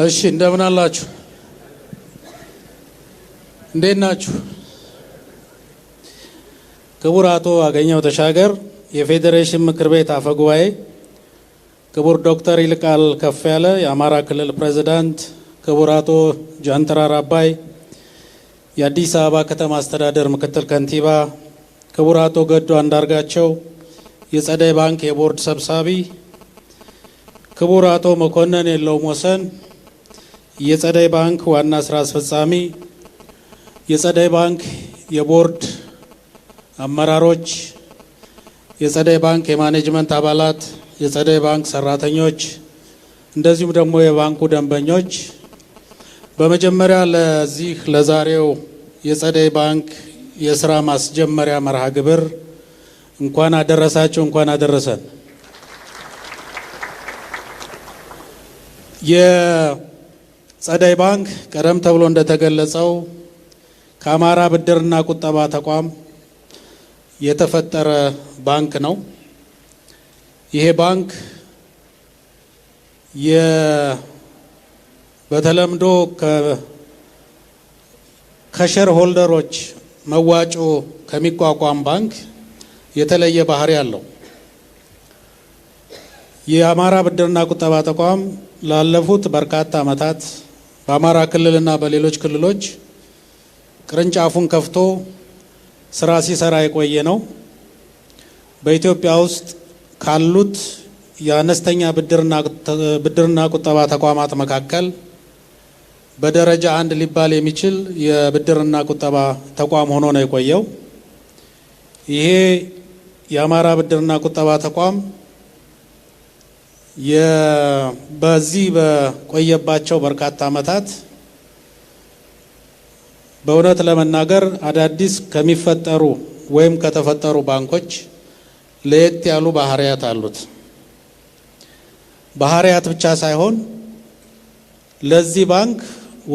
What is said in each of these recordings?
እሺ እንደምን አላችሁ? እንዴት ናችሁ? ክቡር አቶ አገኘው ተሻገር የፌዴሬሽን ምክር ቤት አፈ ጉባኤ፣ ክቡር ዶክተር ይልቃል ከፍ ያለ የአማራ ክልል ፕሬዚዳንት፣ ክቡር አቶ ጃንተራር አባይ የአዲስ አበባ ከተማ አስተዳደር ምክትል ከንቲባ፣ ክቡር አቶ ገዱ አንዳርጋቸው የጸደይ ባንክ የቦርድ ሰብሳቢ፣ ክቡር አቶ መኮንን የለውም ወሰን የጸደይ ባንክ ዋና ስራ አስፈጻሚ፣ የጸደይ ባንክ የቦርድ አመራሮች፣ የጸደይ ባንክ የማኔጅመንት አባላት፣ የጸደይ ባንክ ሰራተኞች እንደዚሁም ደግሞ የባንኩ ደንበኞች በመጀመሪያ ለዚህ ለዛሬው የጸደይ ባንክ የስራ ማስጀመሪያ መርሃ ግብር እንኳን አደረሳችሁ፣ እንኳን አደረሰን። ፀደይ ባንክ ቀደም ተብሎ እንደተገለጸው ከአማራ ብድርና ቁጠባ ተቋም የተፈጠረ ባንክ ነው። ይሄ ባንክ በተለምዶ ከሸር ሆልደሮች መዋጮ ከሚቋቋም ባንክ የተለየ ባህሪ አለው። የአማራ ብድርና ቁጠባ ተቋም ላለፉት በርካታ ዓመታት በአማራ ክልልና በሌሎች ክልሎች ቅርንጫፉን ከፍቶ ስራ ሲሰራ የቆየ ነው። በኢትዮጵያ ውስጥ ካሉት የአነስተኛ ብድርና ቁጠባ ተቋማት መካከል በደረጃ አንድ ሊባል የሚችል የብድርና ቁጠባ ተቋም ሆኖ ነው የቆየው። ይሄ የአማራ ብድርና ቁጠባ ተቋም በዚህ በቆየባቸው በርካታ ዓመታት በእውነት ለመናገር አዳዲስ ከሚፈጠሩ ወይም ከተፈጠሩ ባንኮች ለየት ያሉ ባህሪያት አሉት። ባህሪያት ብቻ ሳይሆን ለዚህ ባንክ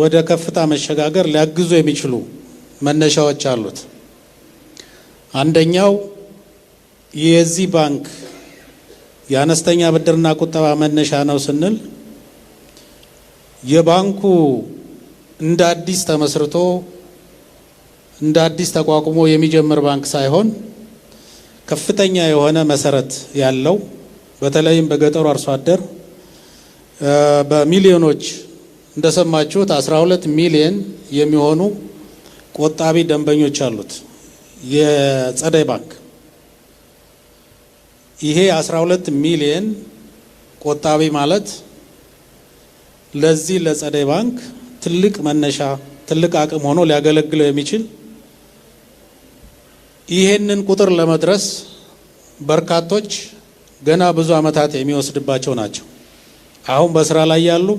ወደ ከፍታ መሸጋገር ሊያግዙ የሚችሉ መነሻዎች አሉት። አንደኛው የዚህ ባንክ የአነስተኛ ብድርና ቁጠባ መነሻ ነው ስንል የባንኩ እንደ አዲስ ተመስርቶ እንደ አዲስ ተቋቁሞ የሚጀምር ባንክ ሳይሆን ከፍተኛ የሆነ መሰረት ያለው በተለይም በገጠሩ አርሶ አደር በሚሊዮኖች እንደሰማችሁት 12 ሚሊዮን የሚሆኑ ቆጣቢ ደንበኞች አሉት የጸደይ ባንክ። ይሄ 12 ሚሊየን ቆጣቢ ማለት ለዚህ ለጸደይ ባንክ ትልቅ መነሻ ትልቅ አቅም ሆኖ ሊያገለግለው የሚችል ይሄንን ቁጥር ለመድረስ በርካቶች ገና ብዙ ዓመታት የሚወስድባቸው ናቸው። አሁን በስራ ላይ ያሉ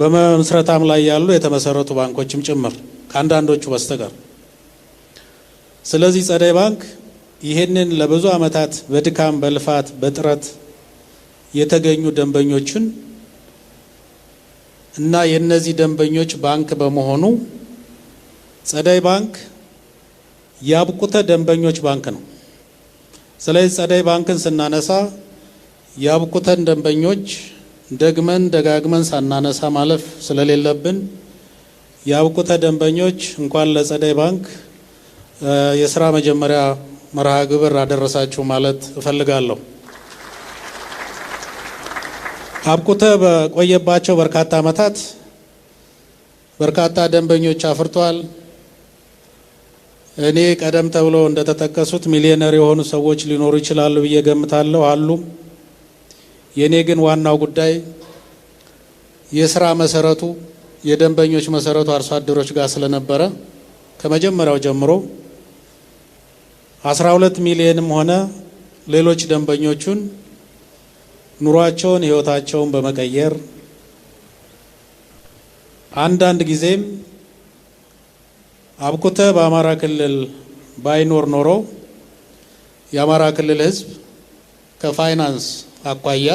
በመመስረታም ላይ ያሉ የተመሰረቱ ባንኮችም ጭምር ከአንዳንዶቹ በስተቀር። ስለዚህ ጸደይ ባንክ ይህንን ለብዙ ዓመታት በድካም በልፋት በጥረት የተገኙ ደንበኞችን እና የእነዚህ ደንበኞች ባንክ በመሆኑ ጸደይ ባንክ ያብቁተ ደንበኞች ባንክ ነው። ስለዚህ ጸደይ ባንክን ስናነሳ ያብቁተን ደንበኞች ደግመን ደጋግመን ሳናነሳ ማለፍ ስለሌለብን ያብቁተ ደንበኞች እንኳን ለጸደይ ባንክ የስራ መጀመሪያ መርሃ ግብር አደረሳችሁ ማለት እፈልጋለሁ። አብቁተ በቆየባቸው በርካታ ዓመታት በርካታ ደንበኞች አፍርቷል። እኔ ቀደም ተብሎ እንደተጠቀሱት ሚሊዮነር የሆኑ ሰዎች ሊኖሩ ይችላሉ ብዬ ገምታለሁ፣ አሉም። የእኔ ግን ዋናው ጉዳይ የስራ መሰረቱ የደንበኞች መሰረቱ አርሶ አደሮች ጋር ስለነበረ ከመጀመሪያው ጀምሮ 12 ሚሊዮንም ሆነ ሌሎች ደንበኞቹን ኑሯቸውን፣ ህይወታቸውን በመቀየር አንዳንድ ጊዜም አብኩተ በአማራ ክልል ባይኖር ኖሮ የአማራ ክልል ህዝብ ከፋይናንስ አኳያ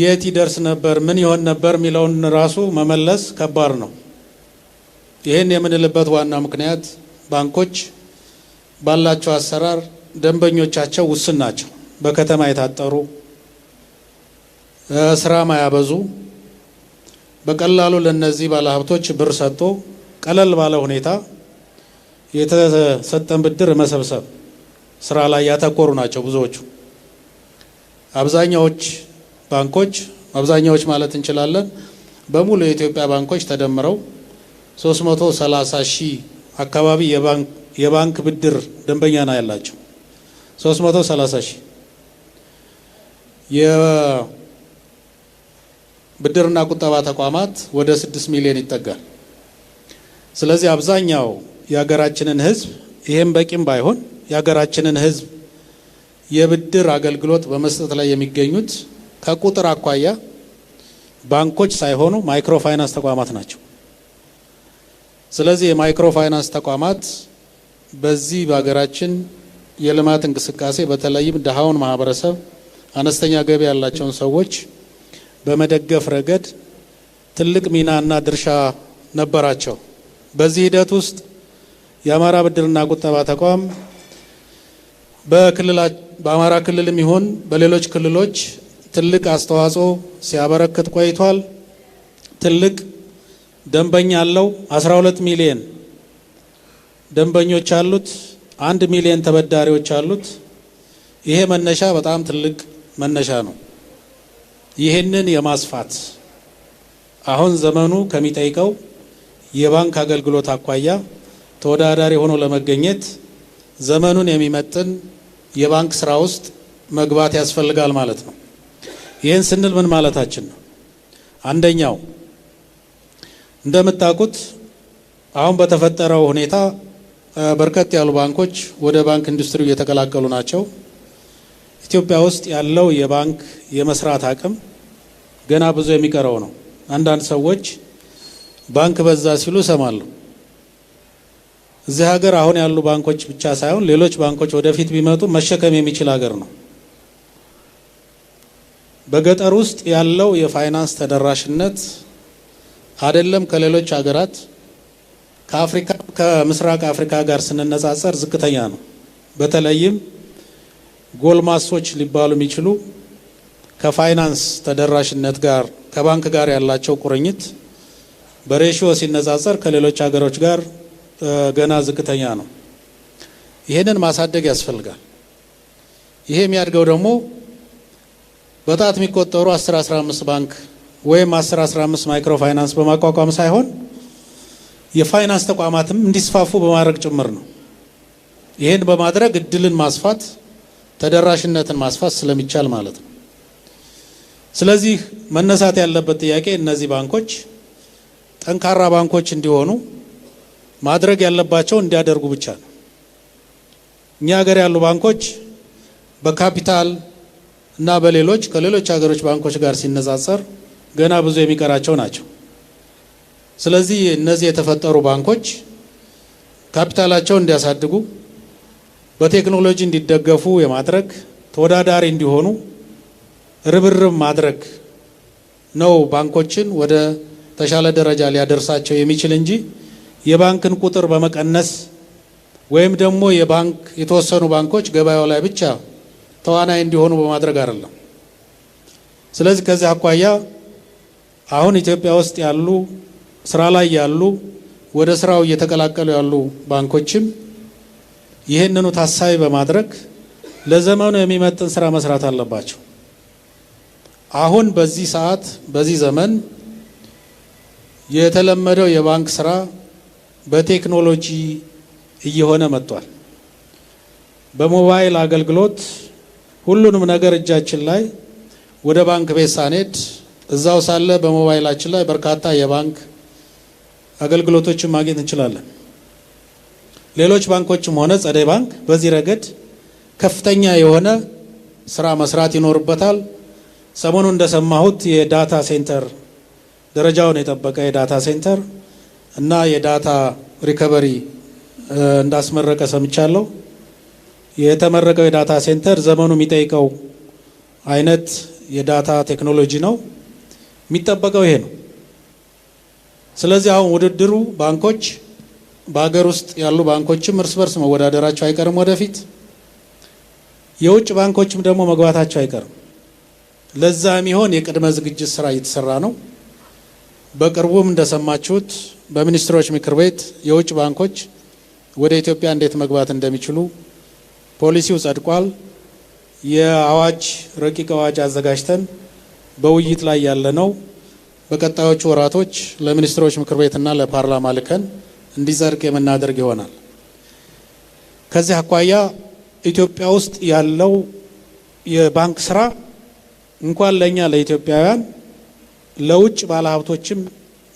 የት ይደርስ ነበር፣ ምን ይሆን ነበር የሚለውን ራሱ መመለስ ከባድ ነው። ይህን የምንልበት ዋና ምክንያት ባንኮች ባላቸው አሰራር ደንበኞቻቸው ውስን ናቸው። በከተማ የታጠሩ ስራ ማያበዙ፣ በቀላሉ ለነዚህ ባለሀብቶች ብር ሰጥቶ ቀለል ባለ ሁኔታ የተሰጠን ብድር መሰብሰብ ስራ ላይ ያተኮሩ ናቸው ብዙዎቹ። አብዛኛዎች ባንኮች አብዛኛዎች ማለት እንችላለን በሙሉ የኢትዮጵያ ባንኮች ተደምረው 330 ሺህ አካባቢ የባንክ የባንክ ብድር ደንበኛ ነው ያላቸው 330 ሺህ የብድርና ቁጠባ ተቋማት ወደ 6 ሚሊዮን ይጠጋል። ስለዚህ አብዛኛው የሀገራችንን ህዝብ ይሄም በቂም ባይሆን የሀገራችንን ህዝብ የብድር አገልግሎት በመስጠት ላይ የሚገኙት ከቁጥር አኳያ ባንኮች ሳይሆኑ ማይክሮ ፋይናንስ ተቋማት ናቸው። ስለዚህ የማይክሮ ፋይናንስ ተቋማት በዚህ በሀገራችን የልማት እንቅስቃሴ በተለይም ድሃውን ማህበረሰብ፣ አነስተኛ ገቢ ያላቸውን ሰዎች በመደገፍ ረገድ ትልቅ ሚናና ድርሻ ነበራቸው። በዚህ ሂደት ውስጥ የአማራ ብድርና ቁጠባ ተቋም በአማራ ክልልም ይሁን በሌሎች ክልሎች ትልቅ አስተዋጽኦ ሲያበረክት ቆይቷል። ትልቅ ደንበኛ አለው። 12 ሚሊየን ደንበኞች አሉት፣ አንድ ሚሊዮን ተበዳሪዎች አሉት። ይሄ መነሻ በጣም ትልቅ መነሻ ነው። ይህንን የማስፋት አሁን ዘመኑ ከሚጠይቀው የባንክ አገልግሎት አኳያ ተወዳዳሪ ሆኖ ለመገኘት ዘመኑን የሚመጥን የባንክ ስራ ውስጥ መግባት ያስፈልጋል ማለት ነው። ይህን ስንል ምን ማለታችን ነው? አንደኛው እንደምታውቁት አሁን በተፈጠረው ሁኔታ በርከት ያሉ ባንኮች ወደ ባንክ ኢንዱስትሪው እየተቀላቀሉ ናቸው። ኢትዮጵያ ውስጥ ያለው የባንክ የመስራት አቅም ገና ብዙ የሚቀረው ነው። አንዳንድ ሰዎች ባንክ በዛ ሲሉ እሰማለሁ። እዚህ ሀገር አሁን ያሉ ባንኮች ብቻ ሳይሆን ሌሎች ባንኮች ወደፊት ቢመጡ መሸከም የሚችል ሀገር ነው። በገጠር ውስጥ ያለው የፋይናንስ ተደራሽነት አይደለም ከሌሎች ሀገራት ከአፍሪካ ከምስራቅ አፍሪካ ጋር ስንነጻጸር ዝቅተኛ ነው። በተለይም ጎልማሶች ሊባሉ የሚችሉ ከፋይናንስ ተደራሽነት ጋር ከባንክ ጋር ያላቸው ቁርኝት በሬሽዮ ሲነጻጸር ከሌሎች ሀገሮች ጋር ገና ዝቅተኛ ነው። ይህንን ማሳደግ ያስፈልጋል። ይሄ የሚያድገው ደግሞ በጣት የሚቆጠሩ 10 15 ባንክ ወይም 10 15 ማይክሮ ፋይናንስ በማቋቋም ሳይሆን የፋይናንስ ተቋማትም እንዲስፋፉ በማድረግ ጭምር ነው። ይህን በማድረግ እድልን ማስፋት ተደራሽነትን ማስፋት ስለሚቻል ማለት ነው። ስለዚህ መነሳት ያለበት ጥያቄ እነዚህ ባንኮች ጠንካራ ባንኮች እንዲሆኑ ማድረግ ያለባቸው እንዲያደርጉ ብቻ ነው። እኛ ሀገር ያሉ ባንኮች በካፒታል እና በሌሎች ከሌሎች ሀገሮች ባንኮች ጋር ሲነጻጸር ገና ብዙ የሚቀራቸው ናቸው። ስለዚህ እነዚህ የተፈጠሩ ባንኮች ካፒታላቸውን እንዲያሳድጉ በቴክኖሎጂ እንዲደገፉ የማድረግ ተወዳዳሪ እንዲሆኑ ርብርብ ማድረግ ነው ባንኮችን ወደ ተሻለ ደረጃ ሊያደርሳቸው የሚችል እንጂ የባንክን ቁጥር በመቀነስ ወይም ደግሞ የባንክ የተወሰኑ ባንኮች ገበያው ላይ ብቻ ተዋናይ እንዲሆኑ በማድረግ አይደለም። ስለዚህ ከዚህ አኳያ አሁን ኢትዮጵያ ውስጥ ያሉ ስራ ላይ ያሉ ወደ ስራው እየተቀላቀሉ ያሉ ባንኮችም ይህንኑ ታሳቢ በማድረግ ለዘመኑ የሚመጥን ስራ መስራት አለባቸው። አሁን በዚህ ሰዓት በዚህ ዘመን የተለመደው የባንክ ስራ በቴክኖሎጂ እየሆነ መጥቷል። በሞባይል አገልግሎት ሁሉንም ነገር እጃችን ላይ ወደ ባንክ ቤት ሳንሄድ እዛው ሳለ በሞባይላችን ላይ በርካታ የባንክ አገልግሎቶችን ማግኘት እንችላለን። ሌሎች ባንኮችም ሆነ ጸደይ ባንክ በዚህ ረገድ ከፍተኛ የሆነ ስራ መስራት ይኖርበታል። ሰሞኑ እንደሰማሁት የዳታ ሴንተር ደረጃውን የጠበቀ የዳታ ሴንተር እና የዳታ ሪከቨሪ እንዳስመረቀ ሰምቻለሁ። የተመረቀው የዳታ ሴንተር ዘመኑ የሚጠይቀው አይነት የዳታ ቴክኖሎጂ ነው። የሚጠበቀው ይሄ ነው። ስለዚህ አሁን ውድድሩ ባንኮች በሀገር ውስጥ ያሉ ባንኮችም እርስ በርስ መወዳደራቸው አይቀርም ወደፊት የውጭ ባንኮችም ደግሞ መግባታቸው አይቀርም። ለዛ የሚሆን የቅድመ ዝግጅት ስራ እየተሰራ ነው። በቅርቡም እንደሰማችሁት በሚኒስትሮች ምክር ቤት የውጭ ባንኮች ወደ ኢትዮጵያ እንዴት መግባት እንደሚችሉ ፖሊሲው ጸድቋል። የአዋጅ ረቂቅ አዋጅ አዘጋጅተን በውይይት ላይ ያለ ነው። በቀጣዮቹ ወራቶች ለሚኒስትሮች ምክር ቤትና ለፓርላማ ልከን እንዲዘርግ የምናደርግ ይሆናል። ከዚህ አኳያ ኢትዮጵያ ውስጥ ያለው የባንክ ስራ እንኳን ለእኛ ለኢትዮጵያውያን ለውጭ ባለሀብቶችም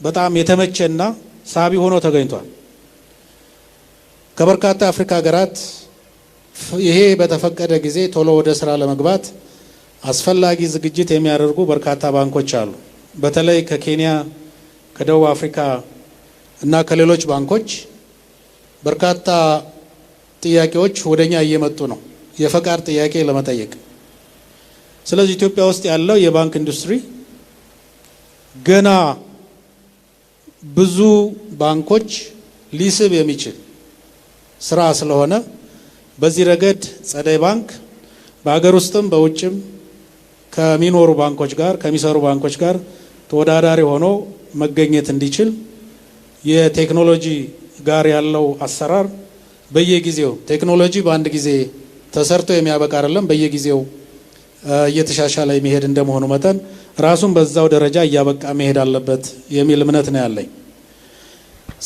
በጣም የተመቸና ሳቢ ሆኖ ተገኝቷል። ከበርካታ የአፍሪካ ሀገራት ይሄ በተፈቀደ ጊዜ ቶሎ ወደ ስራ ለመግባት አስፈላጊ ዝግጅት የሚያደርጉ በርካታ ባንኮች አሉ። በተለይ ከኬንያ ከደቡብ አፍሪካ እና ከሌሎች ባንኮች በርካታ ጥያቄዎች ወደኛ እየመጡ ነው፣ የፈቃድ ጥያቄ ለመጠየቅ። ስለዚህ ኢትዮጵያ ውስጥ ያለው የባንክ ኢንዱስትሪ ገና ብዙ ባንኮች ሊስብ የሚችል ስራ ስለሆነ በዚህ ረገድ ጸደይ ባንክ በሀገር ውስጥም በውጭም ከሚኖሩ ባንኮች ጋር ከሚሰሩ ባንኮች ጋር ተወዳዳሪ ሆኖ መገኘት እንዲችል የቴክኖሎጂ ጋር ያለው አሰራር በየጊዜው ቴክኖሎጂ በአንድ ጊዜ ተሰርቶ የሚያበቃ አይደለም። በየጊዜው እየተሻሻለ የሚሄድ እንደመሆኑ መጠን ራሱን በዛው ደረጃ እያበቃ መሄድ አለበት የሚል እምነት ነው ያለኝ።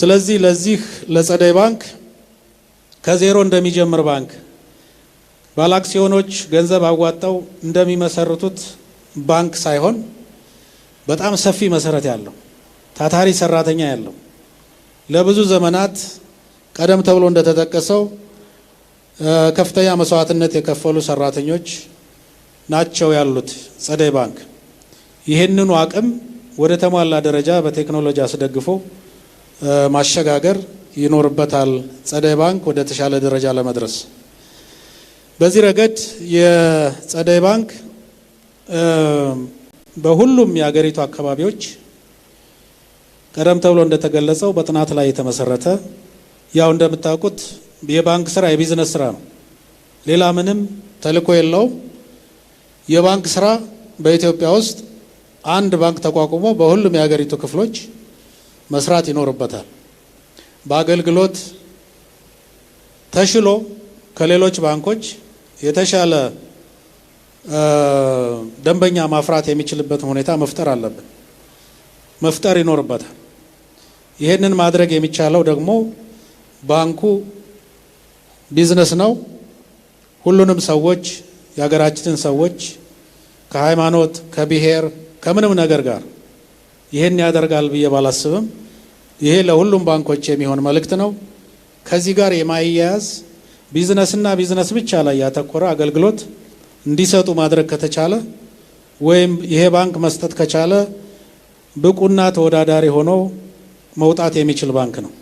ስለዚህ ለዚህ ለፀደይ ባንክ ከዜሮ እንደሚጀምር ባንክ ባለአክሲዮኖች ገንዘብ አዋጣው እንደሚመሰርቱት ባንክ ሳይሆን በጣም ሰፊ መሰረት ያለው ታታሪ ሰራተኛ ያለው ለብዙ ዘመናት ቀደም ተብሎ እንደተጠቀሰው ከፍተኛ መስዋዕትነት የከፈሉ ሰራተኞች ናቸው ያሉት ጸደይ ባንክ ይህንኑ አቅም ወደ ተሟላ ደረጃ በቴክኖሎጂ አስደግፎ ማሸጋገር ይኖርበታል። ጸደይ ባንክ ወደ ተሻለ ደረጃ ለመድረስ በዚህ ረገድ የጸደይ ባንክ በሁሉም የአገሪቱ አካባቢዎች ቀደም ተብሎ እንደተገለጸው በጥናት ላይ የተመሰረተ ያው እንደምታውቁት የባንክ ስራ የቢዝነስ ስራ ነው። ሌላ ምንም ተልኮ የለውም። የባንክ ስራ በኢትዮጵያ ውስጥ አንድ ባንክ ተቋቁሞ በሁሉም የሀገሪቱ ክፍሎች መስራት ይኖርበታል። በአገልግሎት ተሽሎ ከሌሎች ባንኮች የተሻለ ደንበኛ ማፍራት የሚችልበት ሁኔታ መፍጠር አለብን፣ መፍጠር ይኖርበታል። ይህንን ማድረግ የሚቻለው ደግሞ ባንኩ ቢዝነስ ነው። ሁሉንም ሰዎች የሀገራችንን ሰዎች ከሃይማኖት፣ ከብሔር፣ ከምንም ነገር ጋር ይህን ያደርጋል ብዬ ባላስብም ይሄ ለሁሉም ባንኮች የሚሆን መልእክት ነው። ከዚህ ጋር የማያያዝ ቢዝነስና ቢዝነስ ብቻ ላይ ያተኮረ አገልግሎት እንዲሰጡ ማድረግ ከተቻለ ወይም ይሄ ባንክ መስጠት ከቻለ ብቁና ተወዳዳሪ ሆኖ መውጣት የሚችል ባንክ ነው።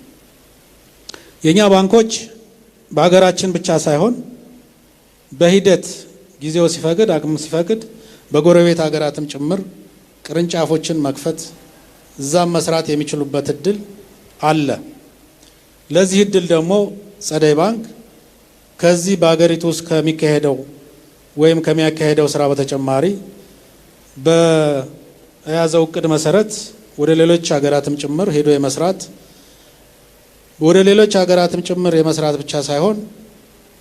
የእኛ ባንኮች በሀገራችን ብቻ ሳይሆን በሂደት ጊዜው ሲፈቅድ አቅም ሲፈቅድ በጎረቤት ሀገራትም ጭምር ቅርንጫፎችን መክፈት እዛም መስራት የሚችሉበት እድል አለ። ለዚህ እድል ደግሞ ፀደይ ባንክ ከዚህ በሀገሪቱ ውስጥ ከሚካሄደው ወይም ከሚያካሄደው ስራ በተጨማሪ በያዘው እቅድ መሰረት ወደ ሌሎች ሀገራትም ጭምር ሄዶ የመስራት ወደ ሌሎች ሀገራትም ጭምር የመስራት ብቻ ሳይሆን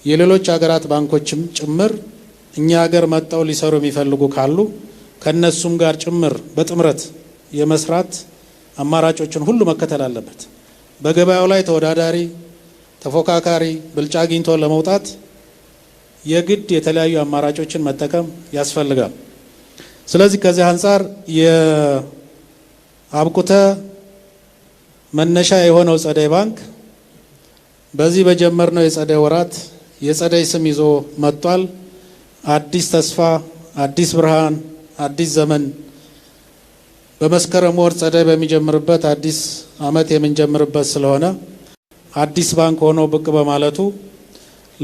የሌሎች ሀገራት ባንኮችም ጭምር እኛ ሀገር መጥተው ሊሰሩ የሚፈልጉ ካሉ ከነሱም ጋር ጭምር በጥምረት የመስራት አማራጮችን ሁሉ መከተል አለበት። በገበያው ላይ ተወዳዳሪ፣ ተፎካካሪ ብልጫ አግኝቶ ለመውጣት የግድ የተለያዩ አማራጮችን መጠቀም ያስፈልጋል። ስለዚህ ከዚህ አንጻር የአብቁተ መነሻ የሆነው ጸደይ ባንክ በዚህ በጀመርነው የጸደይ ወራት የጸደይ ስም ይዞ መጥቷል። አዲስ ተስፋ፣ አዲስ ብርሃን፣ አዲስ ዘመን በመስከረም ወር ጸደይ በሚጀምርበት አዲስ ዓመት የምንጀምርበት ስለሆነ አዲስ ባንክ ሆኖ ብቅ በማለቱ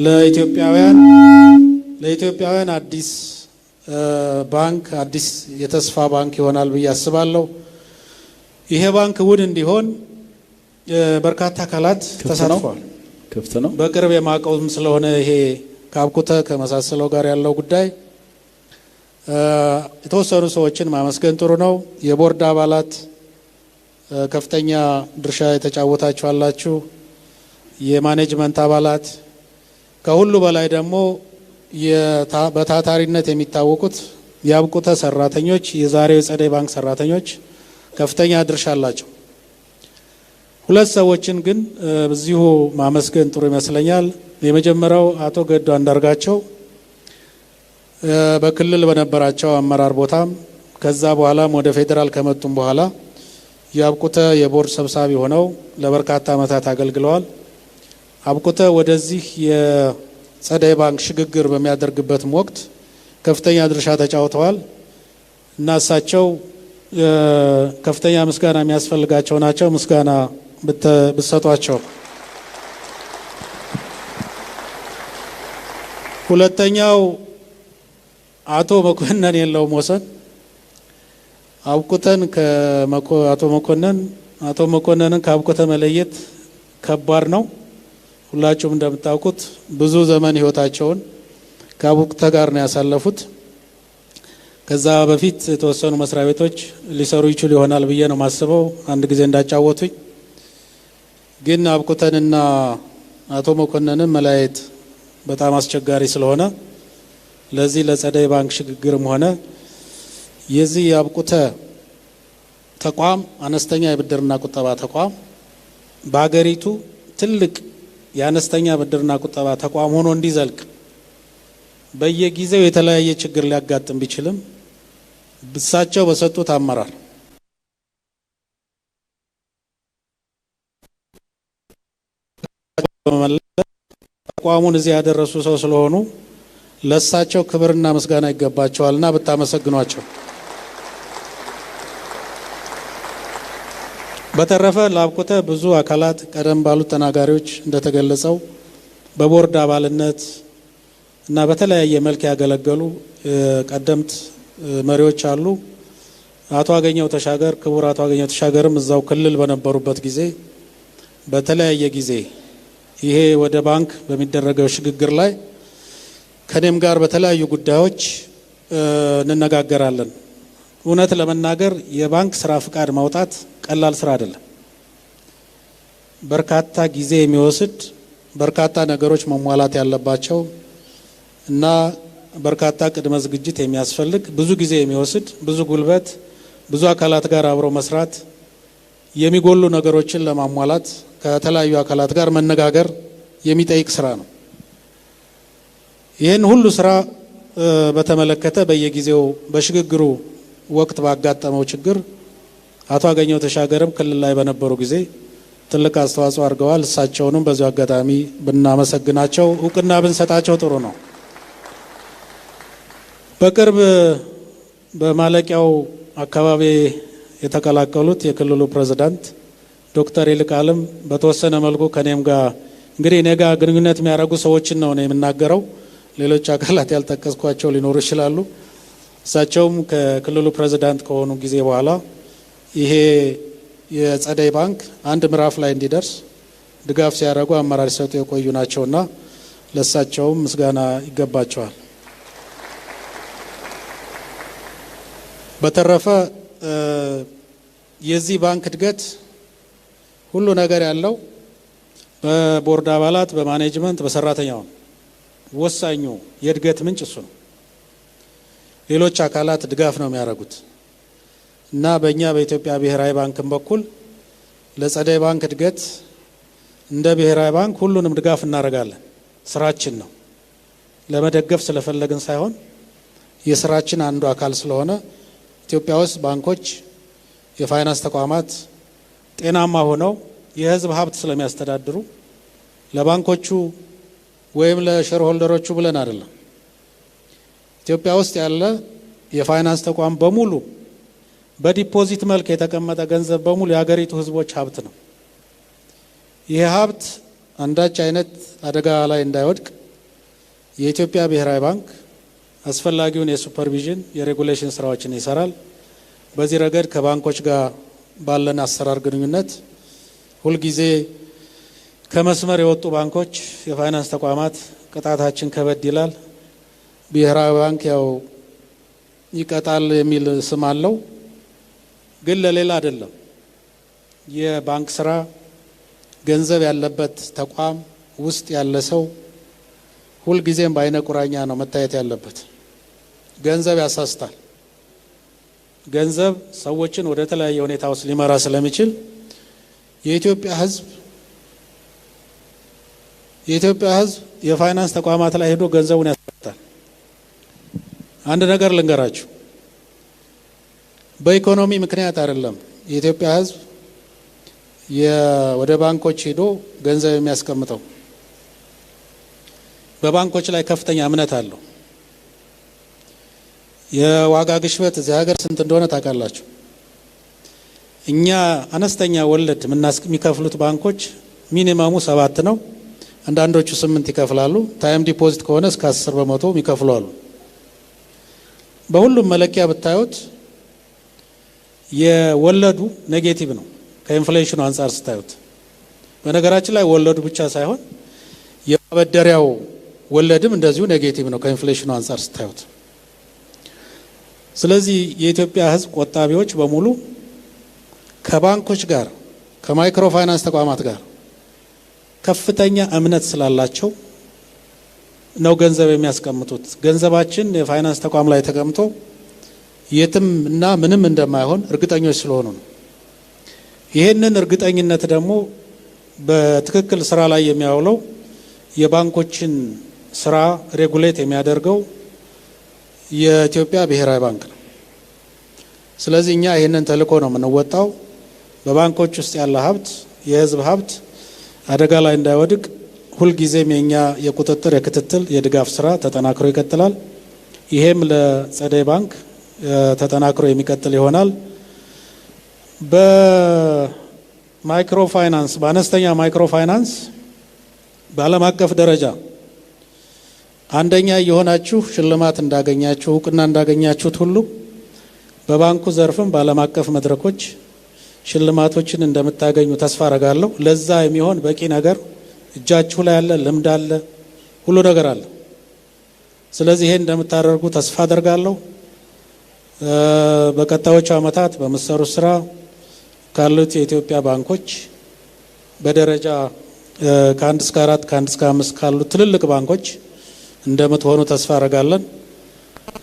ለኢትዮጵያውያን ለኢትዮጵያውያን አዲስ ባንክ አዲስ የተስፋ ባንክ ይሆናል ብዬ አስባለሁ። ይሄ ባንክ እውን እንዲሆን በርካታ አካላት ተሳትፈዋል። ክፍት ነው። በቅርብ የማቀውም ስለሆነ ይሄ ከአብኩተ ከመሳሰለው ጋር ያለው ጉዳይ የተወሰኑ ሰዎችን ማመስገን ጥሩ ነው። የቦርድ አባላት ከፍተኛ ድርሻ የተጫወታችሁ አላችሁ። የማኔጅመንት አባላት ከሁሉ በላይ ደግሞ በታታሪነት የሚታወቁት የአብቁተ ሰራተኞች የዛሬው የጸደይ ባንክ ሰራተኞች ከፍተኛ ድርሻ አላቸው። ሁለት ሰዎችን ግን በዚሁ ማመስገን ጥሩ ይመስለኛል። የመጀመሪያው አቶ ገዱ አንዳርጋቸው በክልል በነበራቸው አመራር ቦታም ከዛ በኋላም ወደ ፌዴራል ከመጡም በኋላ የአብቁተ የቦርድ ሰብሳቢ ሆነው ለበርካታ ዓመታት አገልግለዋል። አብቁተ ወደዚህ የጸደይ ባንክ ሽግግር በሚያደርግበትም ወቅት ከፍተኛ ድርሻ ተጫውተዋል እና እሳቸው ከፍተኛ ምስጋና የሚያስፈልጋቸው ናቸው። ምስጋና ብትሰጧቸው። ሁለተኛው አቶ መኮንን የለውም ወሰን አብቁተን ከአቶ መኮንን አቶ መኮንንን ከአብቁተ መለየት ከባድ ነው። ሁላችሁም እንደምታውቁት ብዙ ዘመን ህይወታቸውን ከአቡቅተ ጋር ነው ያሳለፉት። ከዛ በፊት የተወሰኑ መስሪያ ቤቶች ሊሰሩ ይችሉ ይሆናል ብዬ ነው ማስበው። አንድ ጊዜ እንዳጫወቱኝ ግን አብቁተንና አቶ መኮንንን መለያየት በጣም አስቸጋሪ ስለሆነ ለዚህ ለጸደይ ባንክ ሽግግርም ሆነ የዚህ የአብቁተ ተቋም አነስተኛ የብድርና ቁጠባ ተቋም በሀገሪቱ ትልቅ የአነስተኛ ብድርና ቁጠባ ተቋም ሆኖ እንዲዘልቅ በየጊዜው የተለያየ ችግር ሊያጋጥም ቢችልም ብሳቸው በሰጡት አመራር ተቋሙን እዚህ ያደረሱ ሰው ስለሆኑ ለእሳቸው ክብርና ምስጋና ይገባቸዋልና ብታመሰግኗቸው በተረፈ ላብኮተ ብዙ አካላት ቀደም ባሉት ተናጋሪዎች እንደተገለጸው በቦርድ አባልነት እና በተለያየ መልክ ያገለገሉ ቀደምት መሪዎች አሉ። አቶ አገኘው ተሻገር ክቡር አቶ አገኘው ተሻገርም እዛው ክልል በነበሩበት ጊዜ በተለያየ ጊዜ ይሄ ወደ ባንክ በሚደረገው ሽግግር ላይ ከኔም ጋር በተለያዩ ጉዳዮች እንነጋገራለን። እውነት ለመናገር የባንክ ስራ ፍቃድ ማውጣት ቀላል ስራ አይደለም። በርካታ ጊዜ የሚወስድ በርካታ ነገሮች መሟላት ያለባቸው እና በርካታ ቅድመ ዝግጅት የሚያስፈልግ ብዙ ጊዜ የሚወስድ ብዙ ጉልበት፣ ብዙ አካላት ጋር አብሮ መስራት የሚጎሉ ነገሮችን ለማሟላት ከተለያዩ አካላት ጋር መነጋገር የሚጠይቅ ስራ ነው። ይህን ሁሉ ስራ በተመለከተ በየጊዜው በሽግግሩ ወቅት ባጋጠመው ችግር አቶ አገኘው ተሻገርም ክልል ላይ በነበሩ ጊዜ ትልቅ አስተዋጽኦ አድርገዋል። እሳቸውንም በዚሁ አጋጣሚ ብናመሰግናቸው እውቅና ብንሰጣቸው ጥሩ ነው። በቅርብ በማለቂያው አካባቢ የተቀላቀሉት የክልሉ ፕሬዝዳንት ዶክተር ይልቃልም በተወሰነ መልኩ ከኔም ጋር እንግዲህ እኔ ጋር ግንኙነት የሚያደርጉ ሰዎችን ነው የምናገረው። ሌሎች አካላት ያልጠቀስኳቸው ሊኖሩ ይችላሉ። እሳቸውም ከክልሉ ፕሬዚዳንት ከሆኑ ጊዜ በኋላ ይሄ የጸደይ ባንክ አንድ ምዕራፍ ላይ እንዲደርስ ድጋፍ ሲያደርጉ አመራር ሲሰጡ የቆዩ ናቸውና ለእሳቸውም ምስጋና ይገባቸዋል። በተረፈ የዚህ ባንክ እድገት ሁሉ ነገር ያለው በቦርድ አባላት፣ በማኔጅመንት፣ በሰራተኛው ነው። ወሳኙ የእድገት ምንጭ እሱ ነው። ሌሎች አካላት ድጋፍ ነው የሚያደርጉት እና በእኛ በኢትዮጵያ ብሔራዊ ባንክም በኩል ለጸደይ ባንክ እድገት እንደ ብሔራዊ ባንክ ሁሉንም ድጋፍ እናደርጋለን። ስራችን ነው ለመደገፍ ስለፈለግን ሳይሆን የስራችን አንዱ አካል ስለሆነ ኢትዮጵያ ውስጥ ባንኮች፣ የፋይናንስ ተቋማት ጤናማ ሆነው የህዝብ ሀብት ስለሚያስተዳድሩ ለባንኮቹ ወይም ለሸርሆልደሮቹ ብለን አይደለም። ኢትዮጵያ ውስጥ ያለ የፋይናንስ ተቋም በሙሉ በዲፖዚት መልክ የተቀመጠ ገንዘብ በሙሉ የሀገሪቱ ህዝቦች ሀብት ነው። ይህ ሀብት አንዳች አይነት አደጋ ላይ እንዳይወድቅ የኢትዮጵያ ብሔራዊ ባንክ አስፈላጊውን የሱፐርቪዥን የሬጉሌሽን ስራዎችን ይሰራል። በዚህ ረገድ ከባንኮች ጋር ባለን አሰራር ግንኙነት ሁልጊዜ ከመስመር የወጡ ባንኮች፣ የፋይናንስ ተቋማት ቅጣታችን ከበድ ይላል። ብሔራዊ ባንክ ያው ይቀጣል የሚል ስም አለው፣ ግን ለሌላ አይደለም። የባንክ ስራ ገንዘብ ያለበት ተቋም ውስጥ ያለ ሰው ሁልጊዜም በአይነ ቁራኛ ነው መታየት ያለበት። ገንዘብ ያሳስታል። ገንዘብ ሰዎችን ወደ ተለያየ ሁኔታ ውስጥ ሊመራ ስለሚችል የኢትዮጵያ ሕዝብ የኢትዮጵያ ሕዝብ የፋይናንስ ተቋማት ላይ ሄዶ ገንዘቡን አንድ ነገር ልንገራችሁ፣ በኢኮኖሚ ምክንያት አይደለም የኢትዮጵያ ሕዝብ ወደ ባንኮች ሄዶ ገንዘብ የሚያስቀምጠው። በባንኮች ላይ ከፍተኛ እምነት አለው። የዋጋ ግሽበት እዚህ ሀገር ስንት እንደሆነ ታውቃላችሁ። እኛ አነስተኛ ወለድ የሚከፍሉት ባንኮች ሚኒመሙ ሰባት ነው። አንዳንዶቹ ስምንት ይከፍላሉ። ታይም ዲፖዚት ከሆነ እስከ አስር በመቶ ይከፍላሉ። በሁሉም መለኪያ ብታዩት የወለዱ ኔጌቲቭ ነው ከኢንፍሌሽኑ አንጻር ስታዩት። በነገራችን ላይ ወለዱ ብቻ ሳይሆን የማበደሪያው ወለድም እንደዚሁ ኔጌቲቭ ነው ከኢንፍሌሽኑ አንጻር ስታዩት። ስለዚህ የኢትዮጵያ ሕዝብ ቆጣቢዎች በሙሉ ከባንኮች ጋር ከማይክሮ ፋይናንስ ተቋማት ጋር ከፍተኛ እምነት ስላላቸው ነው ገንዘብ የሚያስቀምጡት። ገንዘባችን የፋይናንስ ተቋም ላይ ተቀምጦ የትም እና ምንም እንደማይሆን እርግጠኞች ስለሆኑ ነው። ይህንን እርግጠኝነት ደግሞ በትክክል ስራ ላይ የሚያውለው የባንኮችን ስራ ሬጉሌት የሚያደርገው የኢትዮጵያ ብሔራዊ ባንክ ነው። ስለዚህ እኛ ይህንን ተልእኮ ነው የምንወጣው። በባንኮች ውስጥ ያለ ሀብት የህዝብ ሀብት አደጋ ላይ እንዳይወድቅ ሁልጊዜም የእኛ የቁጥጥር የክትትል የድጋፍ ስራ ተጠናክሮ ይቀጥላል። ይሄም ለጸደይ ባንክ ተጠናክሮ የሚቀጥል ይሆናል። በማይክሮ ፋይናንስ በአነስተኛ ማይክሮ ፋይናንስ በዓለም አቀፍ ደረጃ አንደኛ የሆናችሁ ሽልማት እንዳገኛችሁ እውቅና እንዳገኛችሁት ሁሉ በባንኩ ዘርፍም በአለም አቀፍ መድረኮች ሽልማቶችን እንደምታገኙ ተስፋ አረጋለሁ። ለዛ የሚሆን በቂ ነገር እጃችሁ ላይ አለ፣ ልምድ አለ፣ ሁሉ ነገር አለ። ስለዚህ ይሄን እንደምታደርጉ ተስፋ አደርጋለሁ። በቀጣዮቹ ዓመታት በምሰሩት ስራ ካሉት የኢትዮጵያ ባንኮች በደረጃ ከአንድ እስከ አራት ከአንድ እስከ አምስት ካሉት ትልልቅ ባንኮች እንደምትሆኑ ተስፋ አደርጋለን።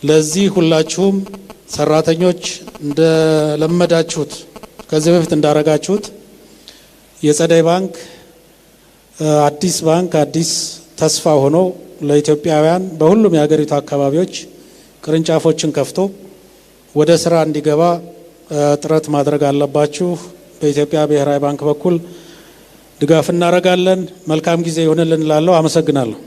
ለዚህ ሁላችሁም ሰራተኞች እንደለመዳችሁት ከዚህ በፊት እንዳረጋችሁት የጸደይ ባንክ አዲስ ባንክ አዲስ ተስፋ ሆኖ ለኢትዮጵያውያን በሁሉም የሀገሪቱ አካባቢዎች ቅርንጫፎችን ከፍቶ ወደ ስራ እንዲገባ ጥረት ማድረግ አለባችሁ። በኢትዮጵያ ብሔራዊ ባንክ በኩል ድጋፍ እናደርጋለን። መልካም ጊዜ ይሆንልን ላለው አመሰግናለሁ።